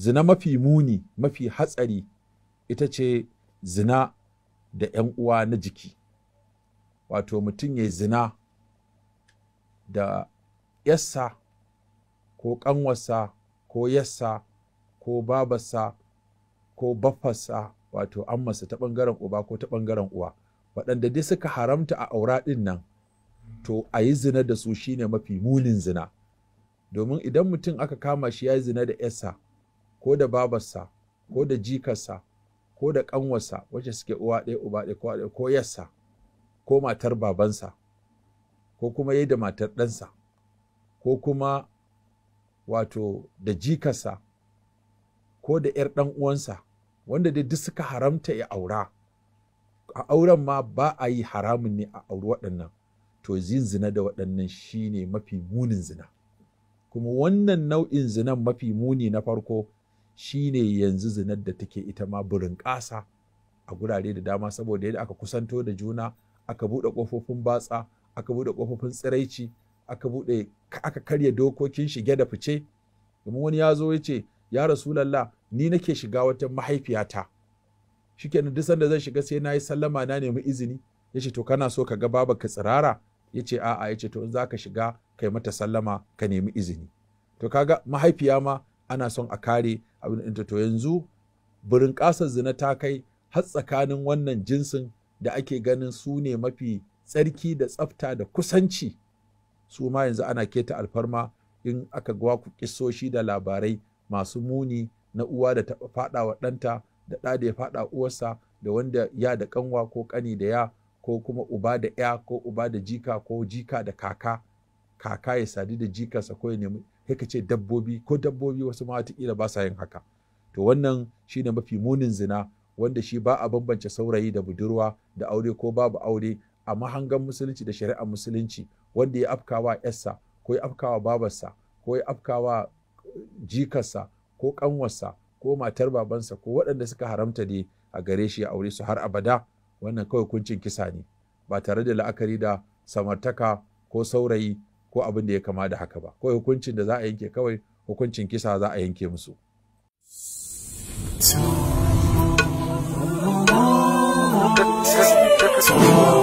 zina mafi muni mafi hatsari ita ce zina da 'yan uwa na jiki wato mutum ya zina da yassa ko ƙanwarsa ko yassa ko babarsa ko baffarsa wato masa ta ɓangaren uba ko ta ɓangaren uwa waɗanda dai suka haramta a aura ɗin nan to a yi zina da su shine mafi munin zina domin idan mutum aka kama shi ya yi zina da yassa ko da babarsa ko da jikarsa ko da ƙanwarsa wacce suke uwa ɗaya uba ɗaya ko ɗaya ko yarsa ko matar babansa ko kuma yi da matar ɗansa ko kuma wato da jikarsa ko da ‘yar ɗan uwansa wanda dai duk suka haramta ya aura a auren ma ba a yi haramun ne a auri waɗannan to zin zina da waɗannan shine mafi munin zina kuma wannan nau'in zinan mafi muni na farko Shi ne yanzu zinar da take ita ma burin ƙasa a gurare da dama saboda yadda aka kusanto da juna aka buɗe ƙofofin batsa aka buɗe ƙofofin tsiraici aka buɗe aka karya dokokin shige da fice domin wani ya zo ya ce ya rasulallah ni nake shiga wata mahaifiyata nan duk sanda zan shiga sai na yi sallama na nemi izini ya ce to kana so ka ga baba ka tsirara ya ce a'a ya ce to in za ka shiga kai mata sallama ka nemi izini to kaga mahaifiya ma ana son a kare abin ɗinta to yanzu burin kasar zina ta kai har tsakanin wannan jinsin da ake ganin su ne mafi tsarki da tsafta da kusanci su ma yanzu ana keta alfarma in aka ku kisoshi da labarai masu muni na uwa da ta faɗa wa ɗanta da ɗa da ya faɗa uwarsa da wanda ya da kanwa ko ƙani da ya ko kuma uba da ya ko uba da jika ko jika da kaka kaka ya sadi da jikarsa ko ya nemi kai ka ce dabbobi ko dabbobi wasu ma watakila ba sa yin haka to wannan shine mafi munin zina wanda shi ba a bambance saurayi da budurwa da aure ko babu aure a mahangan musulunci da shari'ar musulunci wanda ya afkawa yarsa ko ya afkawa babarsa ko ya afkawa jikarsa ko kanwarsa ko matar babansa ko waɗanda suka haramta ne a gare shi a aure su har abada wannan kawai kuncin kisa ne ba tare da la'akari da samartaka ko saurayi ko abin da ya kama da haka ba kawai hukuncin da za a yanke kawai hukuncin kisa za a yanke musu Oh